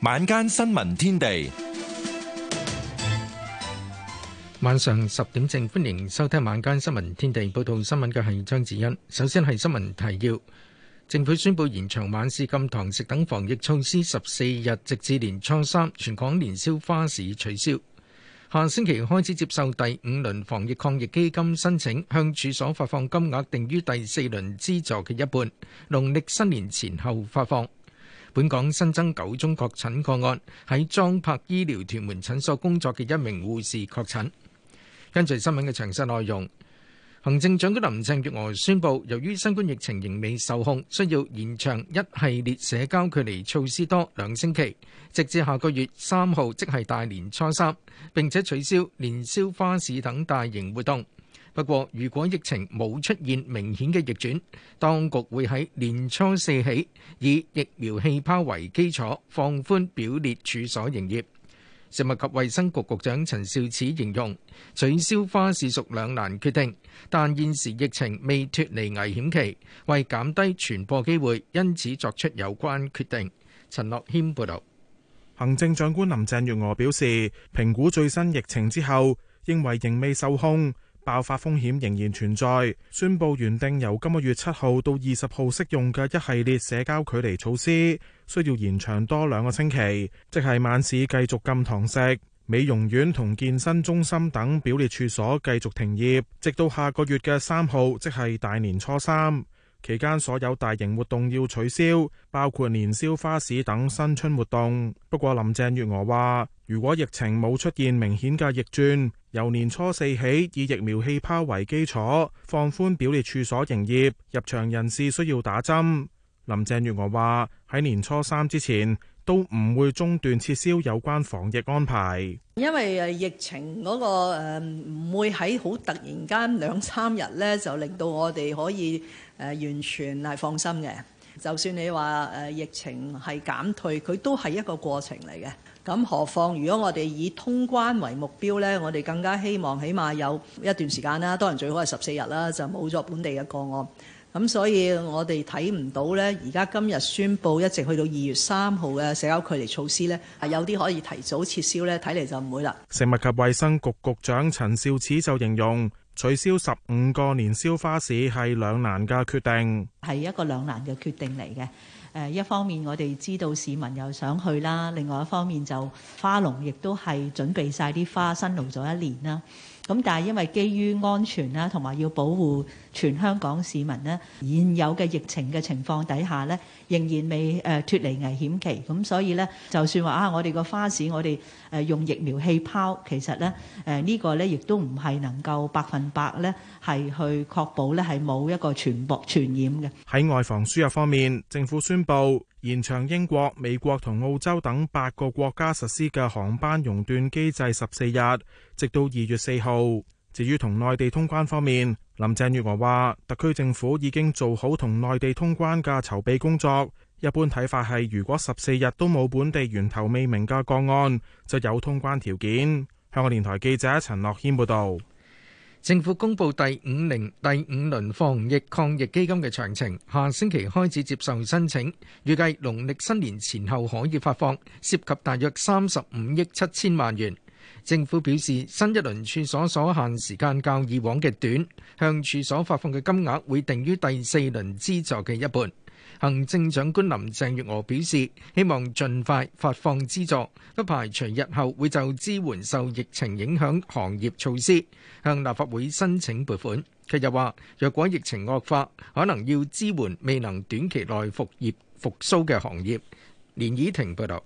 晚間新聞天地，晚上十點正，歡迎收聽晚間新聞天地。報道新聞嘅係張子欣。首先係新聞提要：政府宣布延長晚市禁堂食等防疫措施十四日，直至年初三，全港年宵花市取消。下星期開始接受第五輪防疫抗疫基金申請，向處所發放金額定於第四輪資助嘅一半，農曆新年前後發放。本港新增九宗確診個案，喺莊柏醫療屯門診所工作嘅一名護士確診。根據新聞嘅詳細內容，行政長官林鄭月娥宣布，由於新冠疫情仍未受控，需要延長一系列社交距離措施多兩星期，直至下個月三號，即係大年初三。並且取消年宵花市等大型活動。不過，如果疫情冇出現明顯嘅逆轉，當局會喺年初四起以疫苗氣泡為基礎放寬表列處所營業。食物及衛生局局長陳肇始形容取消花市屬兩難決定，但現時疫情未脫離危險期，為減低傳播機會，因此作出有關決定。陳樂軒報導。行政長官林鄭月娥表示，評估最新疫情之後，認為仍未受控。爆發風險仍然存在，宣布原定由今個月七號到二十號適用嘅一系列社交距離措施，需要延長多兩個星期，即係晚市繼續禁堂食、美容院同健身中心等表列處所繼續停業，直到下個月嘅三號，即係大年初三。期間，所有大型活動要取消，包括年宵花市等新春活動。不過林鄭月娥話。如果疫情冇出現明顯嘅逆轉，由年初四起以疫苗氣泡為基礎放寬表列處所營業，入場人士需要打針。林鄭月娥話：喺年初三之前都唔會中斷撤銷有關防疫安排。因為疫情嗰個誒唔會喺好突然間兩三日咧，就令到我哋可以誒完全係放心嘅。就算你話誒疫情係減退，佢都係一個過程嚟嘅。咁何況，如果我哋以通關為目標呢？我哋更加希望起碼有一段時間啦，當然最好係十四日啦，就冇咗本地嘅個案。咁所以，我哋睇唔到呢。而家今日宣布一直去到二月三號嘅社交距離措施呢，係有啲可以提早撤銷呢。睇嚟就唔會啦。食物及衛生局局長陳肇始就形容。取消十五個年宵花市係兩難嘅決定，係一個兩難嘅決定嚟嘅。誒，一方面我哋知道市民又想去啦，另外一方面就花農亦都係準備晒啲花，辛勞咗一年啦。咁但係因為基於安全啦，同埋要保護全香港市民呢，現有嘅疫情嘅情況底下呢。仍然未誒脫離危險期，咁所以咧，就算話啊，我哋個花市，我哋誒用疫苗氣泡，其實咧誒呢個咧，亦都唔係能夠百分百咧係去確保咧係冇一個傳播傳染嘅。喺外防輸入方面，政府宣布延長英國、美國同澳洲等八個國家實施嘅航班熔斷機制十四日，直到二月四號。至於同內地通關方面，林鄭月娥話，特區政府已經做好同內地通關嘅籌備工作。一般睇法係，如果十四日都冇本地源頭未明嘅個案，就有通關條件。香港電台記者陳樂謙報道。政府公布第五零第五輪防疫抗疫基金嘅詳情，下星期開始接受申請，預計農曆新年前後可以發放，涉及大約三十五億七千萬元。政府表示，新一輪處所所限時間較以往嘅短，向處所發放嘅金額會定於第四輪資助嘅一半。行政長官林鄭月娥表示，希望盡快發放資助，不排除日後會就支援受疫情影響行業措施向立法會申請撥款。佢又話，若果疫情惡化，可能要支援未能短期內復業復甦嘅行業。連倚婷報導。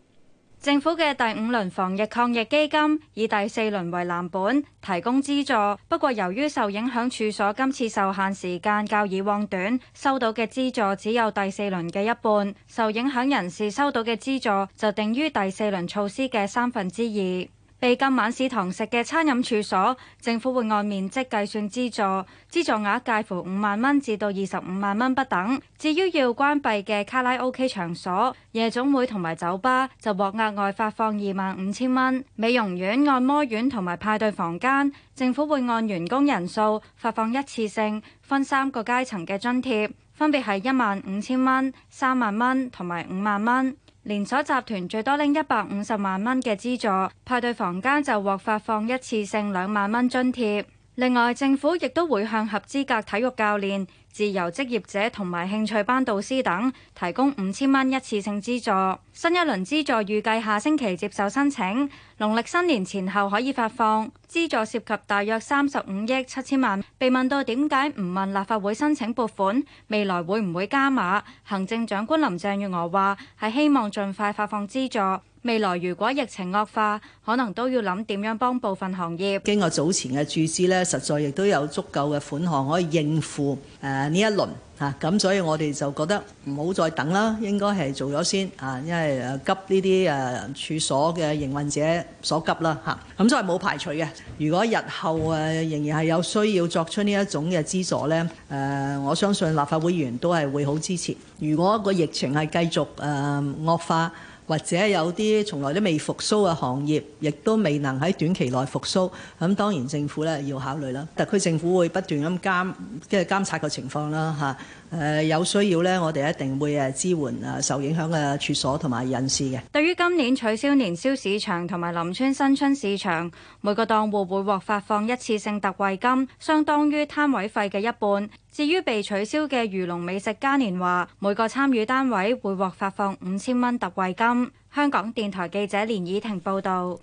政府嘅第五輪防疫抗疫基金以第四輪為藍本，提供資助，不過由於受影響處所今次受限時間較以往短，收到嘅資助只有第四輪嘅一半，受影響人士收到嘅資助就定於第四輪措施嘅三分之二。被禁晚市堂食嘅餐飲處所，政府會按面積計算資助，資助額介乎五萬蚊至到二十五萬蚊不等。至於要關閉嘅卡拉 OK 場所、夜總會同埋酒吧，就獲額外發放二萬五千蚊。美容院、按摩院同埋派對房間，政府會按員工人數發放一次性分三個階層嘅津貼，分別係一萬五千蚊、三萬蚊同埋五萬蚊。連鎖集團最多拎一百五十萬蚊嘅資助，派對房間就獲發放一次性兩萬蚊津貼。另外，政府亦都會向合資格體育教練、自由職業者同埋興趣班導師等提供五千蚊一次性資助，新一輪資助預計下星期接受申請，農曆新年前後可以發放。資助涉及大約三十五億七千萬。被問到點解唔問立法會申請撥款，未來會唔會加碼？行政長官林鄭月娥話：係希望盡快發放資助。未來如果疫情惡化，可能都要諗點樣幫部分行業。經過早前嘅注資呢，實在亦都有足夠嘅款項可以應付誒呢一輪嚇，咁所以我哋就覺得唔好再等啦，應該係做咗先啊，因為急呢啲誒處所嘅營運者所急啦嚇，咁所以冇排除嘅。如果日後誒仍然係有需要作出呢一種嘅資助呢，誒我相信立法會議員都係會好支持。如果個疫情係繼續誒惡化，或者有啲從來都未復甦嘅行業，亦都未能喺短期內復甦，咁、嗯、當然政府咧要考慮啦。特區政府會不斷咁監即係監察個情況啦，嚇、嗯。誒有需要呢，我哋一定會誒支援誒受影響嘅處所同埋人士嘅。對於今年取消年宵市場同埋林村新春市場，每個檔戶會獲發放一次性特惠金，相當於攤位費嘅一半。至於被取消嘅漁龍美食嘉年華，每個參與單位會獲發放五千蚊特惠金。香港電台記者連以婷報導。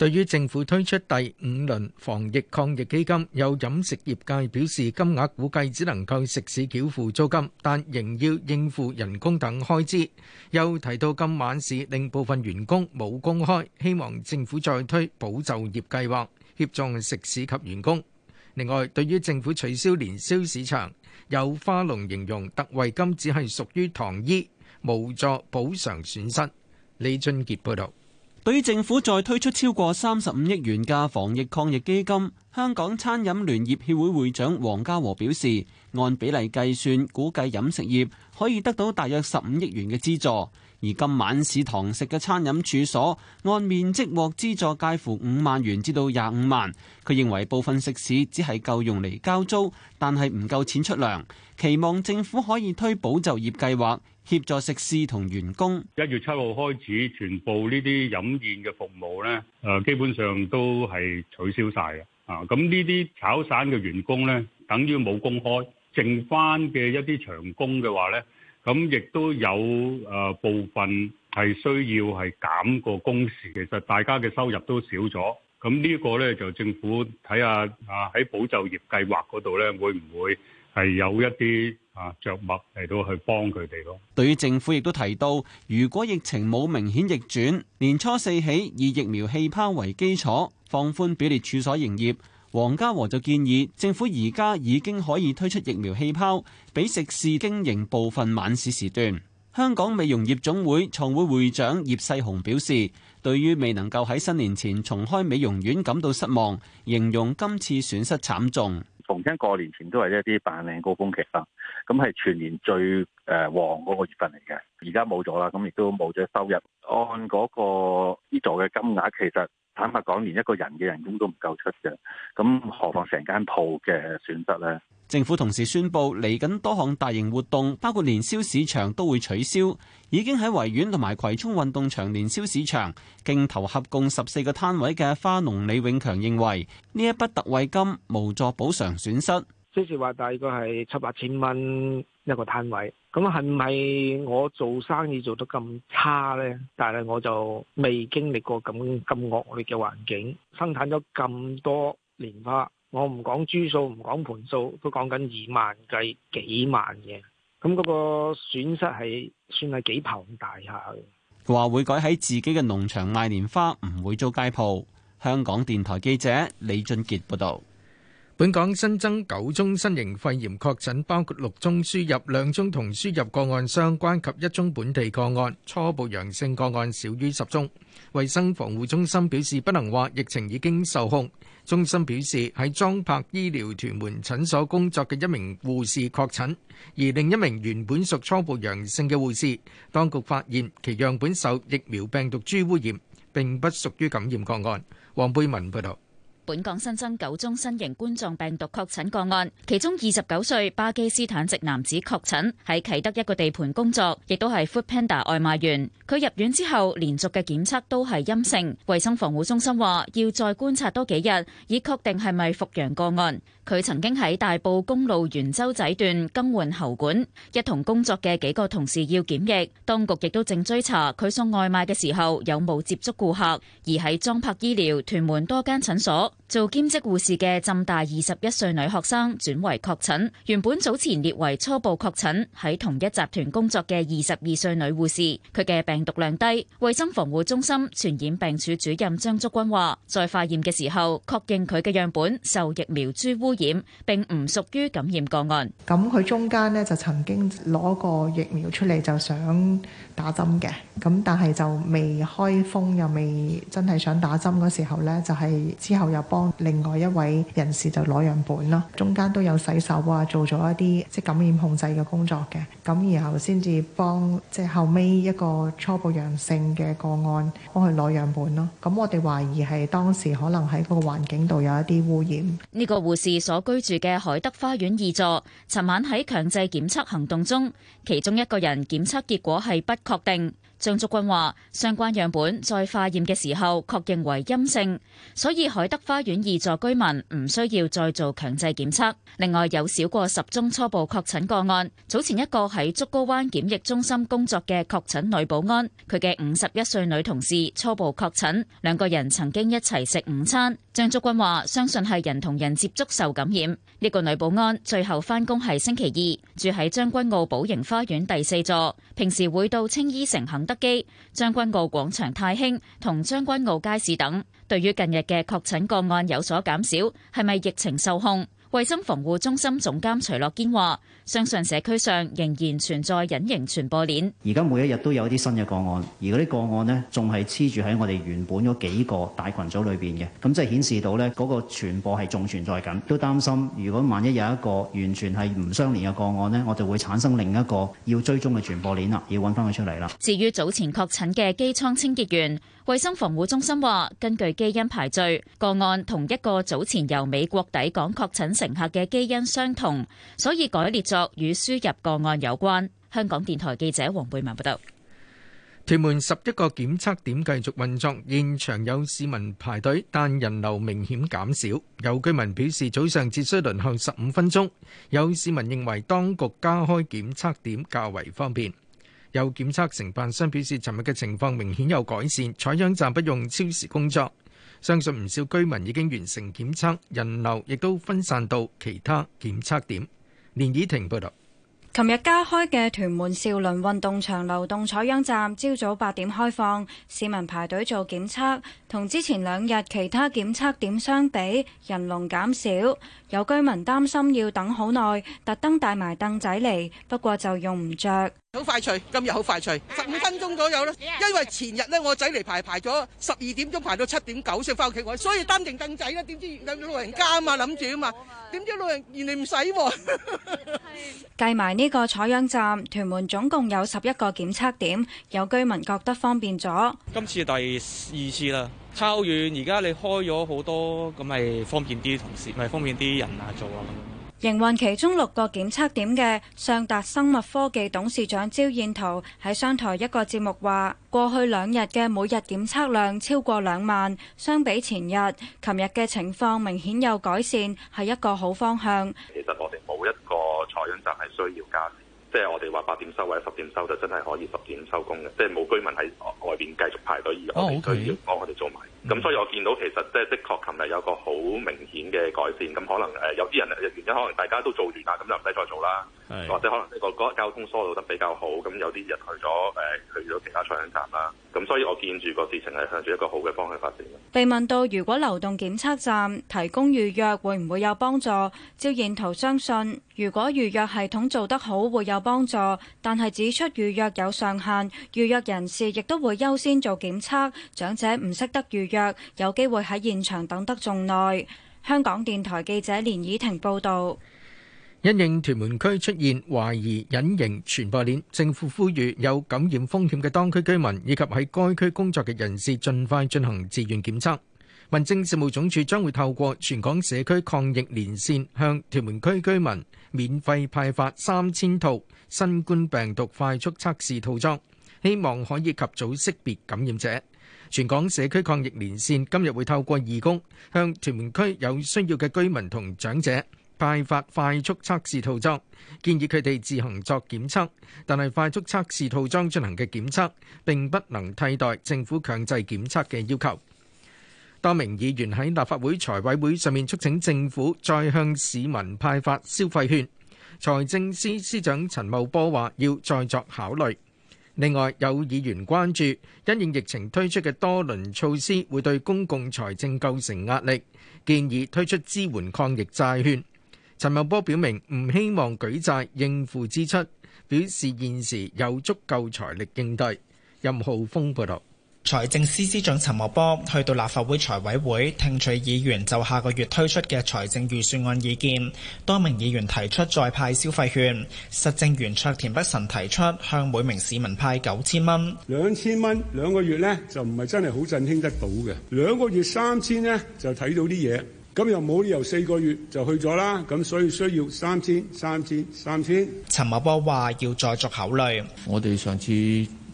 對於政府推出第五輪防疫抗疫基金，有飲食業界表示金額估計只能夠食肆繳付租金，但仍要應付人工等開支。又提到今晚市令部分員工冇工開，希望政府再推保就業計劃協助食肆及員工。另外，對於政府取消年宵市場，有花農形容特惠金只係屬於糖衣，無助補償損失。李俊傑報道。對於政府再推出超過三十五億元嘅防疫抗疫基金，香港餐飲聯業協會會長黃家和表示，按比例計算，估計飲食業可以得到大約十五億元嘅資助。而今晚市堂食嘅餐飲處所，按面積獲資助介乎五萬元至到廿五萬。佢認為部分食肆只係夠用嚟交租，但係唔夠錢出糧，期望政府可以推保就業計劃。協助食肆同員工，一月七號開始，全部呢啲飲宴嘅服務咧，誒基本上都係取消晒嘅啊。咁呢啲炒散嘅員工呢，等於冇工開，剩翻嘅一啲長工嘅話呢，咁亦都有誒部分係需要係減個工時。其實大家嘅收入都少咗，咁呢個呢，就政府睇下啊喺保就業計劃嗰度呢，會唔會係有一啲啊著墨嚟到去幫佢哋咯。對於政府亦都提到，如果疫情冇明顯逆轉，年初四起以疫苗氣泡為基礎，放寬表列處所營業。黃家和就建議政府而家已經可以推出疫苗氣泡，俾食肆經營部分晚市時段。香港美容業總會創會會長葉世雄表示，對於未能夠喺新年前重開美容院感到失望，形容今次損失慘重。逢親過年前都係一啲扮靚高峰期啦，咁係全年最誒旺嗰個月份嚟嘅。而家冇咗啦，咁亦都冇咗收入。按嗰個呢度嘅金額，其實。坦白講，連一個人嘅人工都唔夠出嘅，咁何況成間鋪嘅損失呢？政府同時宣布，嚟緊多項大型活動，包括年宵市場都會取消。已經喺維園同埋葵涌運動場年宵市場，競投合共十四個攤位嘅花農李永強認為，呢一筆特惠金無助補償損失。即是話大概係七八千蚊。 一個攤位，咁係咪我做生意做得咁差咧？但係我就未經歷過咁咁惡劣嘅環境，生產咗咁多蓮花，我唔講株數，唔講盆數，都講緊二萬計幾萬嘅，咁嗰個損失係算係幾龐大下嘅。佢話會改喺自己嘅農場賣蓮花，唔會租街鋪。香港電台記者李俊杰報道。本港新增九宗新型肺炎確診，包括六宗輸入、兩宗同輸入個案相關及一宗本地個案。初步陽性個案少於十宗。衛生防護中心表示，不能話疫情已經受控。中心表示，喺莊柏醫療屯門診所工作嘅一名護士確診，而另一名原本屬初步陽性嘅護士，當局發現其樣本受疫苗病毒株污染，並不屬於感染個案。黃貝文報導。本港新增九宗新型冠狀病毒確診個案，其中二十九歲巴基斯坦籍男子確診喺啟德一個地盤工作，亦都係 Food Panda 外賣員。佢入院之後連續嘅檢測都係陰性。衛生防護中心話要再觀察多幾日，以確定係咪復陽個案。佢曾經喺大埔公路元洲仔段更換喉管，一同工作嘅幾個同事要檢疫。當局亦都正追查佢送外賣嘅時候有冇接觸顧客，而喺裝泊醫療屯門多間診所。做兼職護士嘅浸大二十一歲女學生轉為確診，原本早前列為初步確診，喺同一集團工作嘅二十二歲女護士，佢嘅病毒量低。衛生防護中心傳染病處主任張竹君話，在化驗嘅時候，確認佢嘅樣本受疫苗株污染，並唔屬於感染個案。咁佢中間呢，就曾經攞個疫苗出嚟就想打針嘅，咁但係就未開封又未真係想打針嗰時候呢，就係之後又。幫另外一位人士就攞樣本咯，中間都有洗手啊，做咗一啲即感染控制嘅工作嘅，咁然後先至幫，即後尾一個初步陽性嘅個案，幫佢攞樣本咯。咁我哋懷疑係當時可能喺個環境度有一啲污染。呢個護士所居住嘅海德花園二座，尋晚喺強制檢測行動中，其中一個人檢測結果係不確定。張竹君話：相關樣本在化驗嘅時候確認為陰性，所以海德花園二座居民唔需要再做強制檢測。另外有少過十宗初步確診個案，早前一個喺竹篙灣檢疫中心工作嘅確診女保安，佢嘅五十一歲女同事初步確診，兩個人曾經一齊食午餐。張竹君話：相信係人同人接觸受感染。呢、這個女保安最後返工係星期二，住喺將軍澳寶盈花園第四座，平時會到青衣城肯德基，將軍澳廣場太興同將軍澳街市等。對於近日嘅確診個案有所減少，係咪疫情受控？衛生防護中心總監徐樂堅話。相信社區上仍然存在隱形傳播鏈，而家每一日都有啲新嘅個案，而嗰啲個案咧仲係黐住喺我哋原本嗰幾個大群組裏邊嘅，咁即係顯示到咧嗰個傳播係仲存在緊。都擔心如果萬一有一個完全係唔相連嘅個案咧，我哋會產生另一個要追蹤嘅傳播鏈啦，要揾翻佢出嚟啦。至於早前確診嘅機艙清潔員，衛生防護中心話，根據基因排序，個案同一個早前由美國抵港確診乘客嘅基因相同，所以改列咗。與輸入個案有關。香港電台記者黃貝文報道，屯門十一個檢測點繼續運作，現場有市民排隊，但人流明顯減少。有居民表示早上只需輪候十五分鐘。有市民認為當局加開檢測點較為方便。有檢測承辦商表示，尋日嘅情況明顯有改善，採樣站不用超時工作。相信唔少居民已經完成檢測，人流亦都分散到其他檢測點。連綺婷報道，琴日加開嘅屯門兆麟運動場流動採樣站，朝早八點開放，市民排隊做檢測。同之前兩日其他檢測點相比，人龍減少。有居民擔心要等好耐，特登帶埋凳仔嚟，不過就用唔着。好快脆，今日好快脆，十五分鐘左右咯。因為前日咧，我仔嚟排排咗十二點鐘排到七點九先翻屋企，我所以擔定凳仔啦。點知諗住老人家啊嘛，諗住啊嘛，點知老人原來唔使計埋呢個採樣站。屯門總共有十一個檢測點，有居民覺得方便咗。今次第二次啦，差好遠，而家你開咗好多，咁係方便啲同事，咪方便啲人啊做啊。營運其中六個檢測點嘅上達生物科技董事長招燕桃喺商台一個節目話，過去兩日嘅每日檢測量超過兩萬，相比前日、琴日嘅情況明顯有改善，係一個好方向。其實我哋冇一個採樣站係需要加，即係我哋話八點收或者十點收就真係可以十點收工嘅，即係冇居民喺外邊繼續排隊而我哋都要我哋做埋。咁、mm hmm. 所以，我見到其實即係的確，琴日有個好明顯嘅改善。咁可能誒，有啲人原因，可能大家都做完啦，咁就唔使再做啦。或者可能呢個交通疏導得比較好，咁有啲人去咗誒去咗其他採樣站啦，咁所以我見住個事情係向住一個好嘅方向發展。被問到如果流動檢測站提供預約會唔會有幫助？趙燕桃相信如果預約系統做得好會有幫助，但係指出預約有上限，預約人士亦都會優先做檢測，長者唔識得預約，有機會喺現場等得仲耐。香港電台記者連以婷報導。因應屯門區出現懷疑隱形傳播鏈，政府呼籲有感染風險嘅當區居民以及喺該區工作嘅人士，盡快進行自願檢測。民政事務總署將會透過全港社區抗疫連線，向屯門區居民免費派發三千套新冠病毒快速測試套裝，希望可以及早識別感染者。全港社區抗疫連線今日會透過義工，向屯門區有需要嘅居民同長者。派發快速測試套裝，建議佢哋自行作檢測，但係快速測試套裝進行嘅檢測並不能替代政府強制檢測嘅要求。多名議員喺立法會財委會上面促請政府再向市民派發消費券。財政司司長陳茂波話，要再作考慮。另外，有議員關注因應疫情推出嘅多輪措施會對公共財政構成壓力，建議推出支援抗疫債券。陳茂波表明唔希望舉債應付支出，表示現時有足夠財力應對。任浩峰報導，財政司司長陳茂波去到立法會財委會聽取議員就下個月推出嘅財政預算案意見，多名議員提出再派消費券，實政圓桌田北辰提出向每名市民派九千蚊，兩千蚊兩個月呢，就唔係真係好振興得到嘅，兩個月三千呢，就睇到啲嘢。咁又冇理由四個月就去咗啦。咁所以需要三千、三千、三千。陳茂波話要再作考慮，我哋上次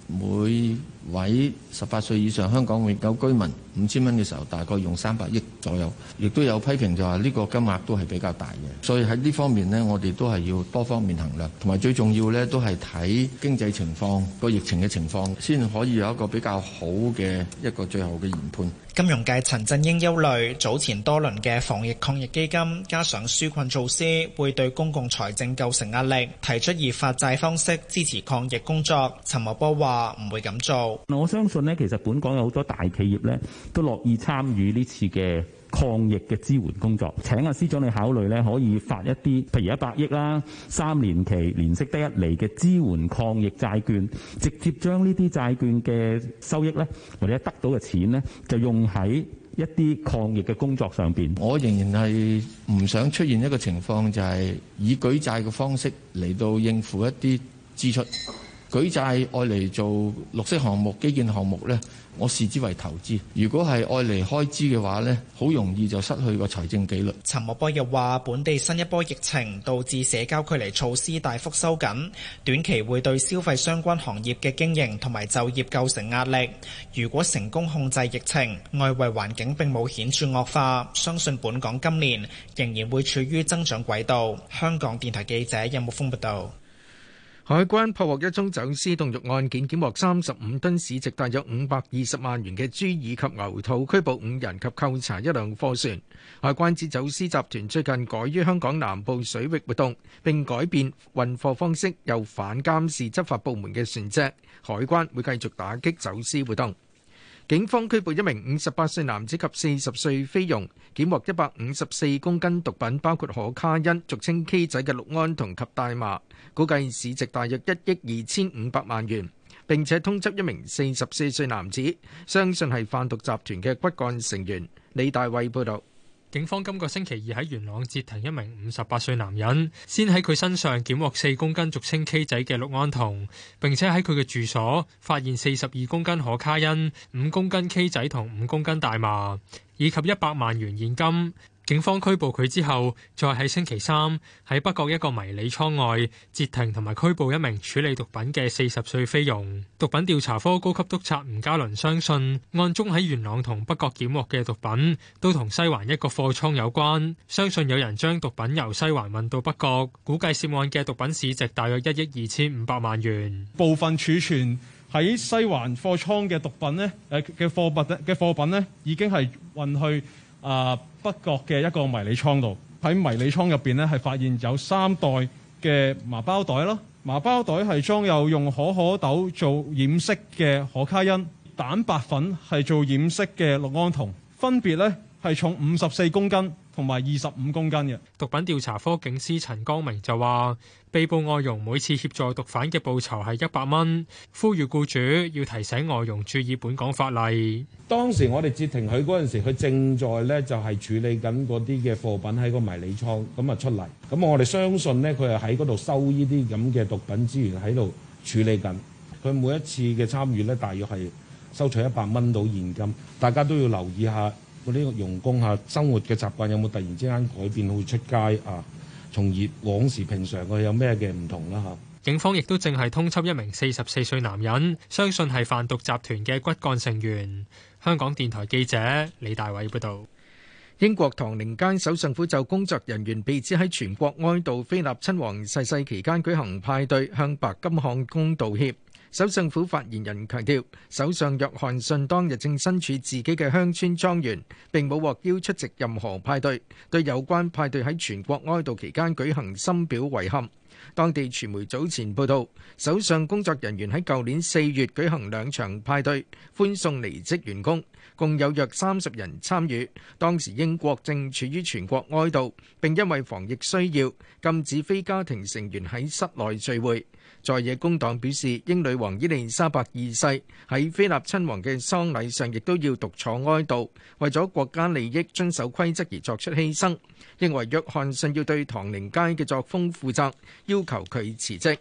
每位十八歲以上香港永久居民五千蚊嘅時候，大概用三百億左右，亦都有批評就話呢個金額都係比較大嘅，所以喺呢方面咧，我哋都係要多方面衡量，同埋最重要咧都係睇經濟情況、個疫情嘅情況，先可以有一個比較好嘅一個最後嘅研判。金融界陳振英憂慮，早前多輪嘅防疫抗疫基金加上紓困措施，會對公共財政構成壓力，提出以發債方式支持抗疫工作。陳茂波話唔會咁做。我相信咧，其實本港有好多大企業咧，都樂意參與呢次嘅抗疫嘅支援工作。請阿司長你考慮咧，可以發一啲，譬如一百億啦，三年期、連息低一厘嘅支援抗疫債券，直接將呢啲債券嘅收益咧，或者得到嘅錢咧，就用喺一啲抗疫嘅工作上面。我仍然係唔想出現一個情況，就係以舉債嘅方式嚟到應付一啲支出。舉債愛嚟做綠色項目、基建項目呢，我視之為投資。如果係愛嚟開支嘅話呢，好容易就失去個財政紀律。陳茂波又話：本地新一波疫情導致社交距離措施大幅收緊，短期會對消費相關行業嘅經營同埋就業構成壓力。如果成功控制疫情，外圍環境並冇顯著惡化，相信本港今年仍然會處於增長軌道。香港電台記者任木峯報道。海關破獲一宗走私凍肉案件，檢獲三十五噸，市值大約五百二十萬元嘅豬耳及牛肚，拘捕五人及扣查一輛貨船。海關指走私集團最近改於香港南部水域活動，並改變運貨方式，由反監視執法部門嘅船隻。海關會繼續打擊走私活動。警方拘捕一名五十八歲男子及四十歲菲傭，檢獲一百五十四公斤毒品，包括可卡因、俗稱 K 仔嘅氯胺酮及大麻，估計市值大約一億二千五百萬元，並且通緝一名四十四歲男子，相信係販毒集團嘅骨幹成員。李大偉報道。警方今個星期二喺元朗截停一名五十八歲男人，先喺佢身上檢獲四公斤俗稱 K 仔嘅氯胺酮，並且喺佢嘅住所發現四十二公斤可卡因、五公斤 K 仔同五公斤大麻，以及一百萬元現金。警方拘捕佢之後，再喺星期三喺北角一個迷你倉外截停同埋拘捕一名處理毒品嘅四十歲菲傭。毒品調查科高級督察吳嘉倫相信，案中喺元朗同北角檢獲嘅毒品都同西環一個貨倉有關。相信有人將毒品由西環運到北角，估計涉案嘅毒品市值大約一億二千五百萬元。部分儲存喺西環貨倉嘅毒品呢，誒、呃、嘅貨物嘅貨品呢已經係運去。啊！北角嘅一個迷你倉度，喺迷你倉入邊咧，係發現有三袋嘅麻包袋咯。麻包袋係裝有用可可豆做染色嘅可卡因，蛋白粉係做染色嘅氯胺酮，分別咧係重五十四公斤，同埋二十五公斤嘅毒品。調查科警司陳光明就話，被捕外傭每次協助毒販嘅報酬係一百蚊，呼籲僱主要提醒外傭注意本港法例。當時我哋截停佢嗰陣時，佢正在咧就係處理緊嗰啲嘅貨品喺個迷你倉咁啊出嚟，咁我哋相信咧佢係喺嗰度收呢啲咁嘅毒品資源喺度處理緊，佢每一次嘅參與咧大約係收取一百蚊到現金，大家都要留意下。佢呢個傭工下生活嘅習慣有冇突然之間改變去出街啊？從而往時平常佢有咩嘅唔同啦？嚇！警方亦都正係通緝一名四十四歲男人，相信係販毒集團嘅骨幹成員。香港電台記者李大偉報導。英國唐寧街首相府就工作人員被指喺全國哀悼菲臘親王逝世期間舉行派對，向白金漢宮道歉。首相府發言人強調，首相約翰遜當日正身處自己嘅鄉村莊園，並冇獲邀出席任何派對，對有關派對喺全國哀悼期間舉行深表遺憾。當地傳媒早前報道，首相工作人員喺舊年四月舉行兩場派對，歡送離職員工，共有約三十人參與。當時英國正處於全國哀悼，並因為防疫需要禁止非家庭成員喺室內聚會。在野工黨表示，英女王伊麗莎白二世喺菲臘親王嘅喪禮上亦都要獨坐哀悼，為咗國家利益遵守規則而作出犧牲，認為約翰遜要對唐寧街嘅作風負責，要求佢辭職。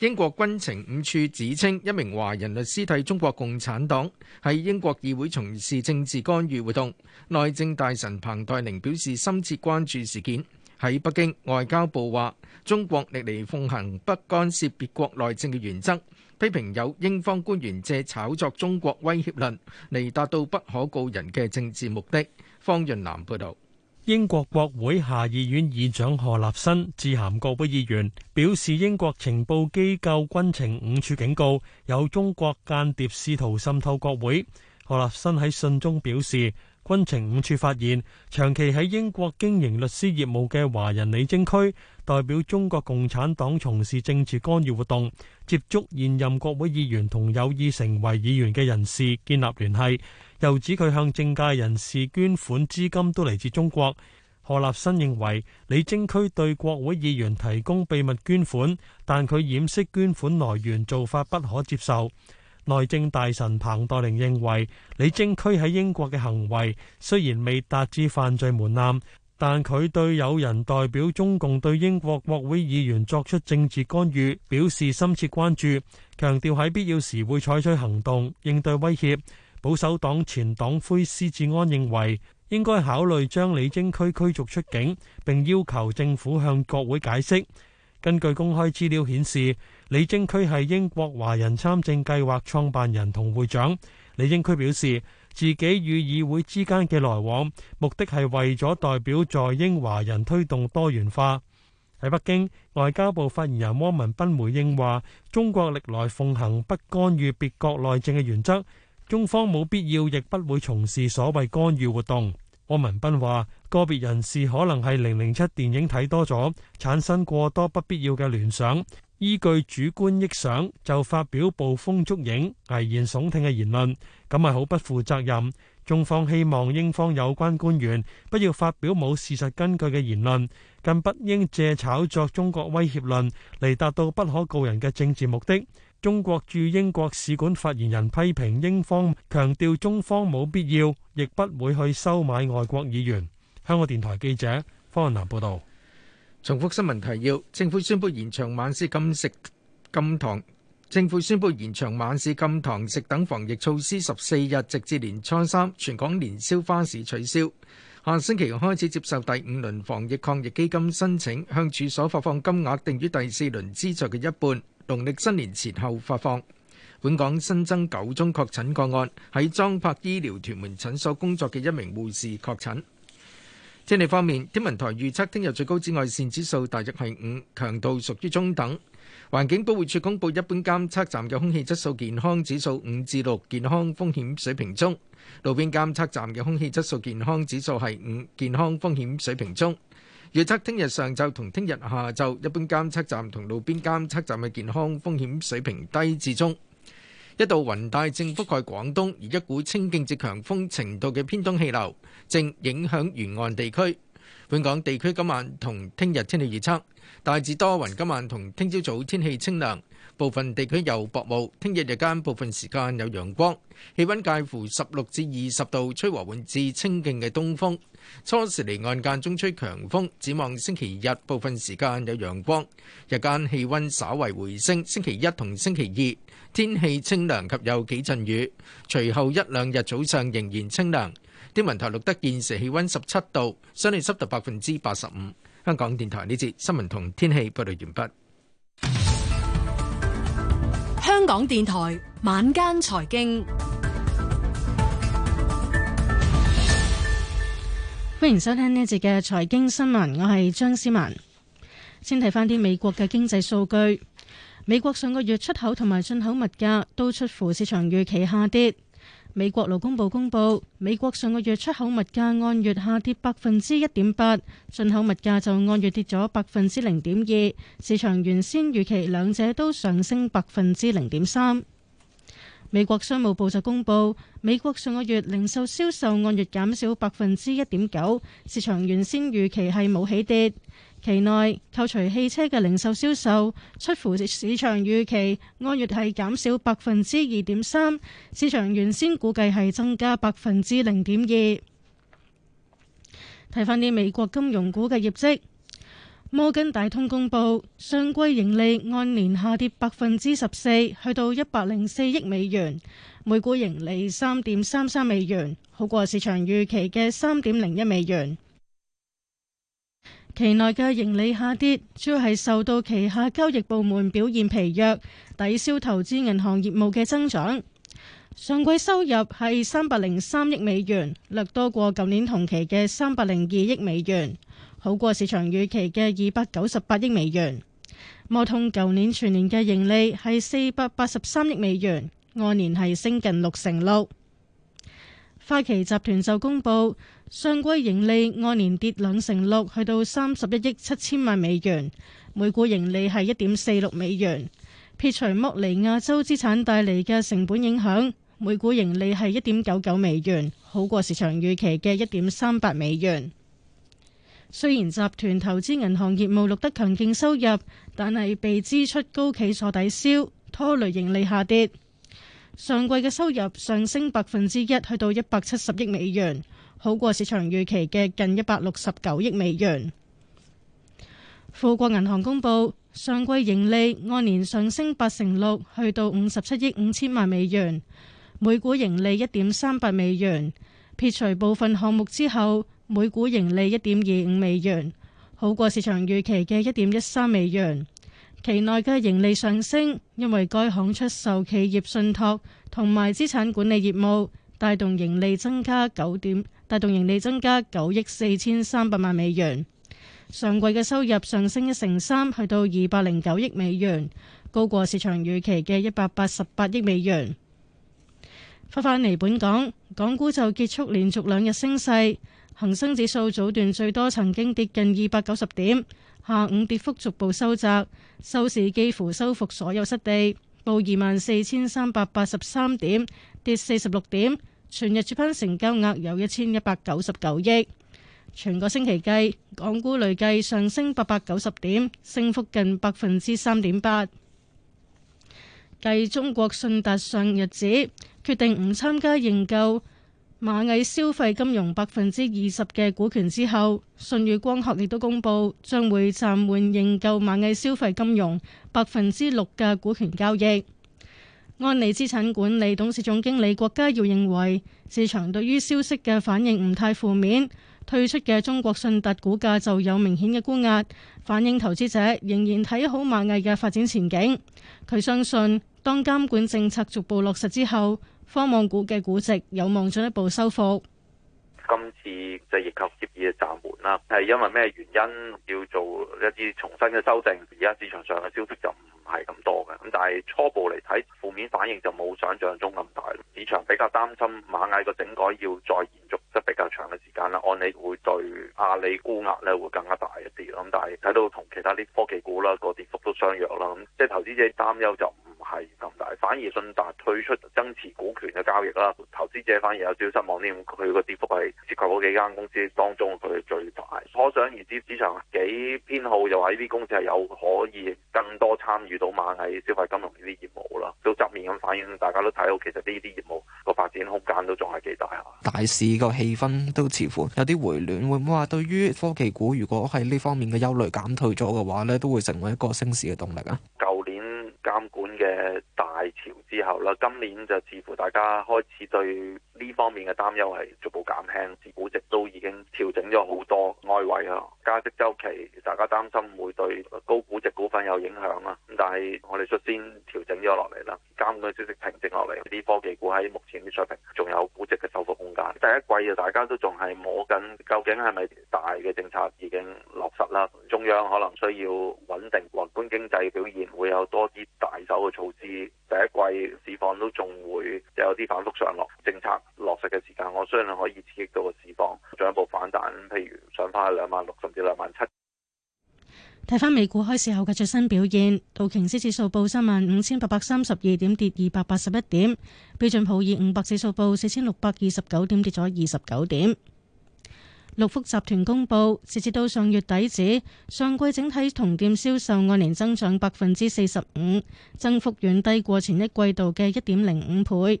英國軍情五處指稱一名華人律師替中國共產黨喺英國議會從事政治干預活動。內政大臣彭黛玲表示深切關注事件。喺北京，外交部話中國歷嚟奉行不干涉別國內政嘅原則，批評有英方官員借炒作中國威脅論嚟達到不可告人嘅政治目的。方潤南報道，英國國會下議院議長何立新致函國會議員，表示英國情報機構軍情五處警告有中國間諜試圖滲透國會，何立新喺信中表示。軍情五處發現，長期喺英國經營律師業務嘅華人李貞駒，代表中國共產黨從事政治干預活動，接觸現任國會議員同有意成為議員嘅人士建立聯繫。又指佢向政界人士捐款，資金都嚟自中國。何立新認為，李貞駒對國會議員提供秘密捐款，但佢掩飾捐款來源做法不可接受。內政大臣彭黛玲認為，李貞駒喺英國嘅行為雖然未達至犯罪門檻，但佢對有人代表中共對英國國會議員作出政治干預表示深切關注，強調喺必要時會採取行動應對威脅。保守黨前黨魁施志安認為應該考慮將李貞駒驅逐出境，並要求政府向國會解釋。根據公開資料顯示，李貞駒係英國華人參政計劃創辦人同會長。李貞駒表示，自己與議會之間嘅來往，目的係為咗代表在英華人推動多元化。喺北京，外交部發言人汪文斌回應話：中國歷來奉行不干預別國內政嘅原則，中方冇必要亦不會從事所謂干預活動。汪文斌話：個別人士可能係《零零七》電影睇多咗，產生過多不必要嘅聯想，依據主觀臆想就發表捕風捉影、危言聳聽嘅言論，咁係好不負責任。中方希望英方有關官員不要發表冇事實根據嘅言論，更不應借炒作中國威脅論嚟達到不可告人嘅政治目的。中國駐英國使館發言人批評英方，強調中方冇必要，亦不會去收買外國議員。香港電台記者方文南報道。重複新聞提要：政府宣佈延長晚市禁食、禁糖。政府宣佈延長晚市禁糖食等防疫措施十四日，直至年初三。全港年宵花市取消。下星期開始接受第五輪防疫抗疫基金申請，向處所發放金額定於第四輪資助嘅一半，農曆新年前後發放。本港新增九宗確診個案，喺莊柏醫療屯門診所工作嘅一名護士確診。天氣方面，天文台預測聽日最高紫外線指數大約係五，強度屬於中等。環境保護署公布一般監測站嘅空氣質素健康指數五至六，健康風險水平中；路邊監測站嘅空氣質素健康指數係五，健康風險水平中。預測聽日上晝同聽日下晝，一般監測站同路邊監測站嘅健康風險水平低至中。一道雲帶正覆蓋廣東，而一股清勁至強風程度嘅偏東氣流正影響沿岸地區。本港地區今晚同聽日天氣預測，大致多雲。今晚同聽朝早天氣清涼，部分地區有薄霧。聽日日間部分時間有陽光，氣温介乎十六至二十度，吹和緩至清勁嘅東風。初時離岸間中吹強風，展望星期日部分時間有陽光，日間氣温稍為回升。星期一同星期二天氣清涼及有幾陣雨，隨後一兩日早上仍然清涼。天文台錄得現時氣温十七度，相對濕度百分之八十五。香港電台呢節新聞同天氣報道完畢。香港電台晚間財經。歡迎收聽呢節嘅財經新聞，我係張思文。先睇返啲美國嘅經濟數據，美國上個月出口同埋進口物價都出乎市場預期下跌。美國勞工部公布，美國上個月出口物價按月下跌百分之一點八，進口物價就按月跌咗百分之零點二。市場原先預期兩者都上升百分之零點三。美國商務部就公布，美國上個月零售銷售按月減少百分之一點九，市場原先預期係冇起跌。期內扣除汽車嘅零售銷售出乎市場預期，按月係減少百分之二點三，市場原先估計係增加百分之零點二。睇翻啲美國金融股嘅業績。摩根大通公布上季盈利按年下跌百分之十四，去到一百零四億美元，每股盈利三點三三美元，好過市場預期嘅三點零一美元。期內嘅盈利下跌，主要係受到旗下交易部門表現疲弱，抵消投資銀行業務嘅增長。上季收入係三百零三億美元，略多過舊年同期嘅三百零二億美元。好過市場預期嘅二百九十八億美元。摩通舊年全年嘅盈利係四百八十三億美元，按年係升近六成六。花旗集團就公佈上季盈利按年跌兩成六，去到三十一億七千萬美元，每股盈利係一點四六美元。撇除剝離亞洲資產帶嚟嘅成本影響，每股盈利係一點九九美元，好過市場預期嘅一點三八美元。雖然集團投資銀行業務錄得強勁收入，但係被支出高企所抵消，拖累盈利下跌。上季嘅收入上升百分之一，去到一百七十億美元，好過市場預期嘅近一百六十九億美元。富國銀行公布上季盈利按年上升八成六，去到五十七億五千萬美元，每股盈利一點三八美元。撇除部分項目之後。每股盈利一點二五美元，好過市場預期嘅一點一三美元。期內嘅盈利上升，因為該行出售企業信託同埋資產管理業務，帶動盈利增加九點帶動盈利增加九億四千三百萬美元。上季嘅收入上升一成三，去到二百零九億美元，高過市場預期嘅一百八十八億美元。翻返嚟本港，港股就結束連續兩日升勢。恒生指數早段最多曾經跌近二百九十點，下午跌幅逐步收窄，收市幾乎收復所有失地，報二萬四千三百八十三點，跌四十六點。全日主板成交額有一千一百九十九億。全個星期計，港股累計上升八百九十點，升幅近百分之三點八。繼中國信達上日指決定唔參加營救。螞蟻消費金融百分之二十嘅股權之後，舜宇光學亦都公布將會暫緩認購螞蟻消費金融百分之六嘅股權交易。安利資產管理董事總經理郭家耀認為，市場對於消息嘅反應唔太負面，退出嘅中國信達股價就有明顯嘅沽壓，反映投資者仍然睇好螞蟻嘅發展前景。佢相信，當監管政策逐步落實之後，科網股嘅估值有望進一步修復。今次就亦及協議嘅暫緩啦，係因為咩原因？要做一啲重新嘅修正。而家市場上嘅消息就唔係咁多嘅，咁但係初步嚟睇負面反應就冇想象中咁大，市場比較擔心螞蟻個整改要再延續即係比較長嘅時間啦。按理會對阿里估額咧會更加大一啲，咁但係睇到同其他啲科技股啦個跌幅都相若啦，咁、嗯、即係投資者擔憂就唔係咁大，反而信達退出增持股權嘅交易啦，投資者反而有少少失望啲，咁佢個跌幅係涉及嗰幾間公司當中佢最大。可想而知，市場幾偏好又話呢啲公司係有可以更多參與。到晚蟻消費金融呢啲業務啦，都側面咁反映，大家都睇到其實呢啲業務個發展空間都仲係幾大啊。大市個氣氛都似乎有啲回暖，會唔會話對於科技股，如果喺呢方面嘅憂慮減退咗嘅話咧，都會成為一個升市嘅動力啊？監管嘅大潮之後啦，今年就似乎大家開始對呢方面嘅擔憂係逐步減輕，啲估值都已經調整咗好多，外圍啊加息周期，大家擔心會對高估值股份有影響啊。咁但係我哋率先調整咗落嚟啦，監管消息平靜落嚟，啲科技股喺目前啲水平，仲有估值嘅收復空間。第一季啊，大家都仲係摸緊，究竟係咪大嘅政策已經落實啦？中央可能需要穩定宏觀經濟表現，會有多。某個措施，第一季市況都仲會有啲反覆上落，政策落實嘅時間，我相信可以刺激到個市況進一步反彈，譬如上翻去兩萬六甚至兩萬七。睇翻美股開市後嘅最新表現，道瓊斯指數報三萬五千八百三十二點，點跌二百八十一點；標準普爾五百指數報四千六百二十九點，跌咗二十九點。六福集團公布，截至到上月底止，上季整體同店銷售按年增長百分之四十五，增幅遠低過前一季度嘅一點零五倍。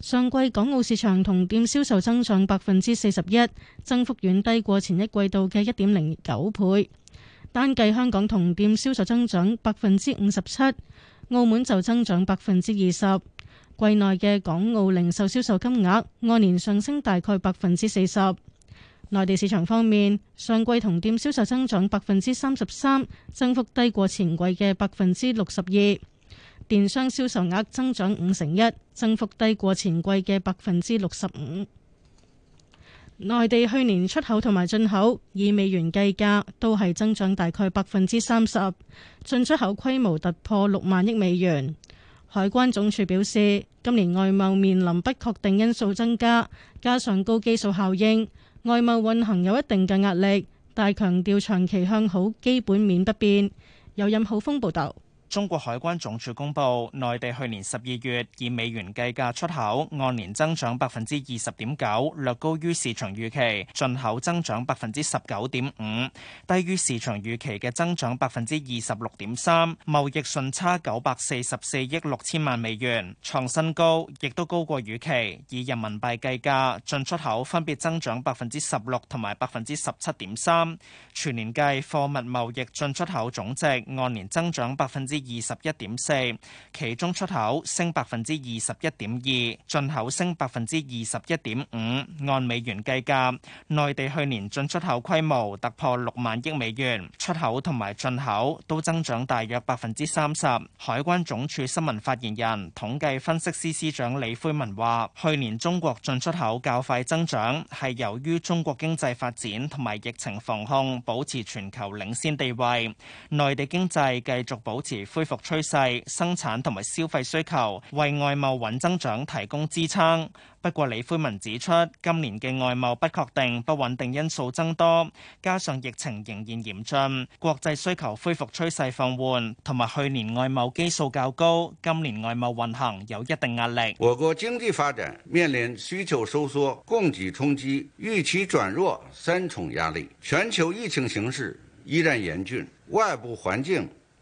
上季港澳市場同店銷售增長百分之四十一，增幅遠低過前一季度嘅一點零九倍。單計香港同店銷售增長百分之五十七，澳門就增長百分之二十。季內嘅港澳零售銷售金額按年上升大概百分之四十。內地市場方面，上季同店銷售增長百分之三十三，增幅低過前季嘅百分之六十二。電商銷售額增長五成一，增幅低過前季嘅百分之六十五。內地去年出口同埋進口以美元計價都係增長大概百分之三十，進出口規模突破六萬億美元。海關總署表示，今年外貿面臨不確定因素增加，加上高基數效應。外貿運行有一定嘅壓力，但係強調長期向好，基本面不變。有任浩峰報導。中國海關總署公布，內地去年十二月以美元計價出口按年增長百分之二十點九，略高於市場預期；進口增長百分之十九點五，低於市場預期嘅增長百分之二十六點三。貿易順差九百四十四億六千萬美元，創新高，亦都高過預期。以人民幣計價，進出口分別增長百分之十六同埋百分之十七點三。全年計貨物貿易進出口總值按年增長百分之。二十一點四，其中出口升百分之二十一點二，進口升百分之二十一點五。按美元計價，內地去年進出口規模突破六萬億美元，出口同埋進口都增長大約百分之三十。海關總署新聞發言人、統計分析司司長李魁文話，去年中國進出口較快增長，係由於中國經濟發展同埋疫情防控保持全球領先地位，內地經濟繼續保持。恢復趨勢、生產同埋消費需求為外貿穩增長提供支撐。不過李魁文指出，今年嘅外貿不確定、不穩定因素增多，加上疫情仍然嚴峻，國際需求恢復趨勢放緩，同埋去年外貿基數較高，今年外貿運行有一定壓力。我國經濟發展面臨需求收縮、供給衝擊、預期轉弱三重壓力，全球疫情形勢依然嚴峻，外部環境。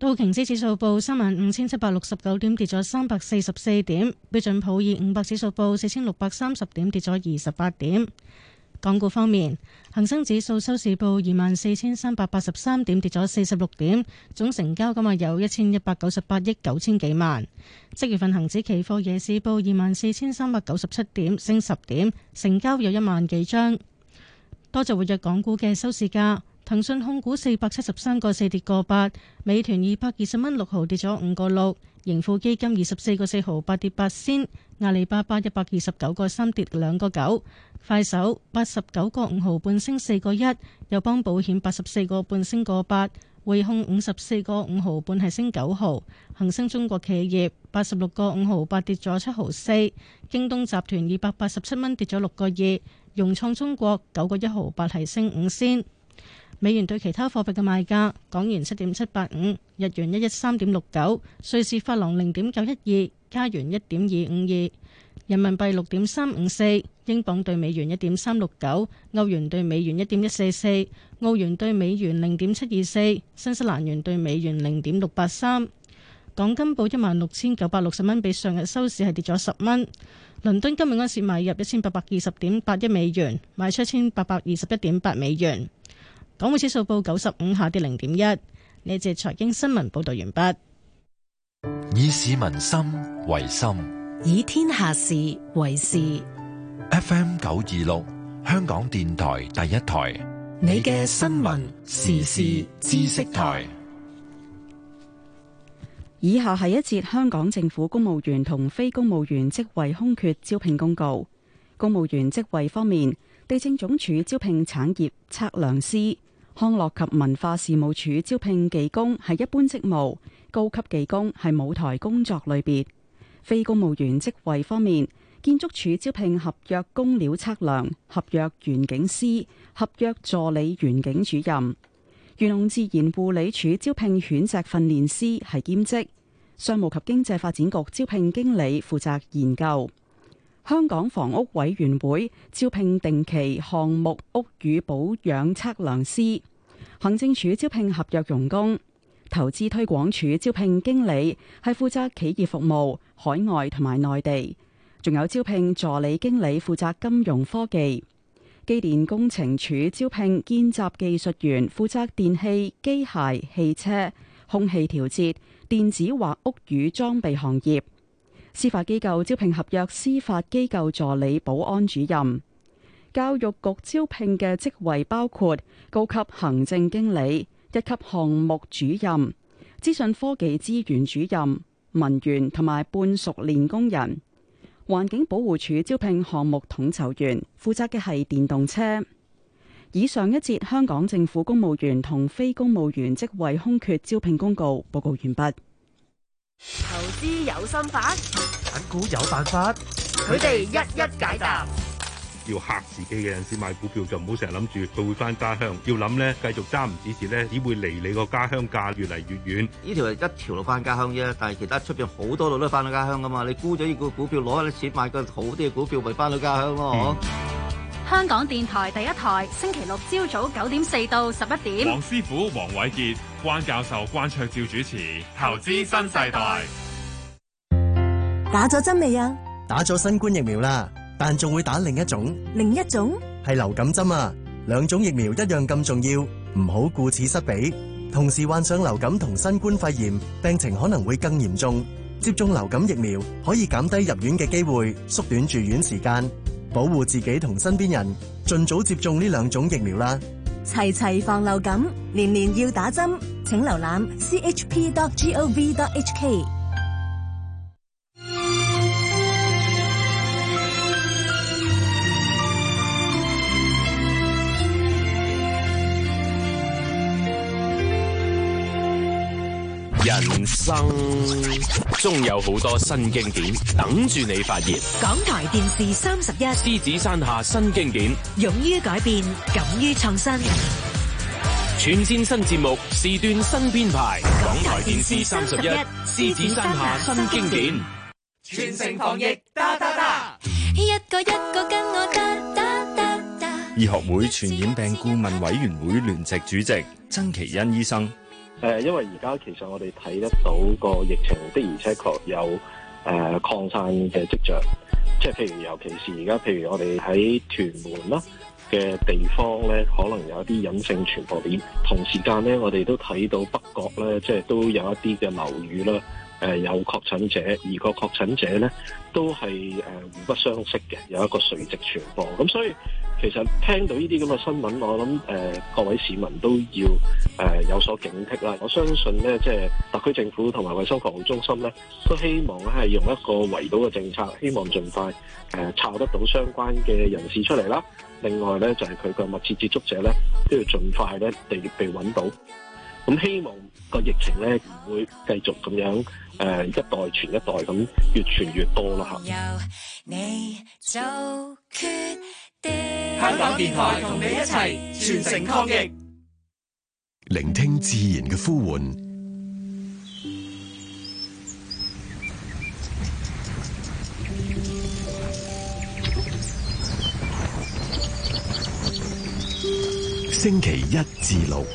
道瓊斯指數報三萬五千七百六十九點，跌咗三百四十四點。標準普爾五百指數報四千六百三十點，跌咗二十八點。港股方面，恒生指數收市報二萬四千三百八十三點，跌咗四十六點。總成交今日有一千一百九十八億九千幾萬。七月份恒指期貨夜市報二萬四千三百九十七點，升十點，成交有一萬幾張。多謝活躍港股嘅收市價。騰訊控股四百七十三個四跌個八，美團二百二十蚊六毫跌咗五個六，盈富基金二十四個四毫八跌八仙，阿里巴巴一百二十九個三跌兩個九，快手八十九個五毫半升四個一，友邦保險八十四個半升個八，匯控五十四個五毫半係升九毫，恒生中國企業八十六個五毫八跌咗七毫四，京東集團二百八十七蚊跌咗六個二，融創中國九個一毫八係升五仙。美元對其他貨幣嘅賣價：港元七點七八五，日元一一三點六九，瑞士法郎零點九一二，加元一點二五二，人民幣六點三五四，英鎊對美元一點三六九，歐元對美元一點一四四，澳元對美元零點七二四，新西蘭元對美元零點六八三。港金報一萬六千九百六十蚊，比上日收市係跌咗十蚊。倫敦金每盎士買入一千八百二十點八一美元，賣出一千八百二十一點八美元。港股指數報九十五，下跌零點一。呢節財經新聞報道完畢。以市民心為心，以天下事為事。F M 九二六，香港電台第一台，你嘅新聞時事知識台。以下係一節香港政府公務員同非公務員職位空缺招聘公告。公務員職位方面，地政總署招聘產業測量師。康樂及文化事務署招聘技工係一般職務，高級技工係舞台工作類別。非公務員職位方面，建築署招聘合約工料測量、合約園境師、合約助理園境主任。漁農自然護理署招聘犬隻訓練師係兼職。商務及經濟發展局招聘經理負責研究。香港房屋委員會招聘定期項目屋宇保養測量師，行政署招聘合約傭工，投資推廣署招聘經理係負責企業服務海外同埋內地，仲有招聘助理經理負責金融科技，機電工程署招聘見習技術員負責電器、機械、汽車、空氣調節、電子或屋宇裝備行業。司法機構招聘合約司法機構助理保安主任，教育局招聘嘅職位包括高級行政經理、一級項目主任、資訊科技資源主任、文員同埋半熟練工人。環境保護署招聘項目統籌員，負責嘅係電動車。以上一節香港政府公務員同非公務員職位空缺招聘公告，報告完畢。投資有心法，選股有辦法，佢哋一一解答。要吓自己嘅人先買股票，就唔好成日諗住佢會翻家鄉。要諗咧，繼續揸唔止時咧，只會離你個家鄉價越嚟越遠。呢條係一條路翻家鄉啫，但係其他出邊好多路都翻到家鄉噶嘛。你沽咗呢個股票攞啲錢買一個好啲嘅股票咪翻到家鄉咯，嗯香港電台第一台，星期六朝早九點四到十一點。黃師傅、黃偉傑、關教授、關卓照主持，投資新世代。打咗針未啊？打咗新冠疫苗啦，但仲會打另一種。另一種係流感針啊！兩種疫苗一樣咁重要，唔好顧此失彼。同時患上流感同新冠肺炎，病情可能會更嚴重。接種流感疫苗可以減低入院嘅機會，縮短住院時間。保護自己同身邊人，盡早接種呢兩種疫苗啦！齊齊防流感，年年要打針，請瀏覽 chp.gov.hk。生，仲有好多新經典等住你發現。港台電視三十一，獅子山下新經典，勇於改變，敢於創新，全線新節目，時段新編排。港台電視三十一，獅子山下新經典，全城防疫，打打打。一個一個跟我打打打打。醫學會傳染病顧問委員會聯席主席曾奇欣醫生。誒，因為而家其實我哋睇得到個疫情的而且確有誒、呃、擴散嘅跡象，即係譬如尤其是而家，譬如我哋喺屯門啦嘅地方咧，可能有一啲隱性傳播鏈，同時間咧我哋都睇到北角咧，即係都有一啲嘅樓宇啦。誒有確診者，而個確診者咧都係誒互不相識嘅，有一個垂直傳播。咁所以其實聽到呢啲咁嘅新聞，我諗誒各位市民都要誒有所警惕啦。我相信咧，即係特區政府同埋衞生防護中心咧，都希望咧係用一個圍堵嘅政策，希望盡快誒抄得到相關嘅人士出嚟啦。另外咧就係佢個密切接觸者咧都要盡快咧地被揾到。咁希望個疫情咧唔會繼續咁樣。誒一代傳一代咁，越傳越多啦，嚇！香港電台同你一齊全城抗疫，聆聽自然嘅呼喚。星期一至六。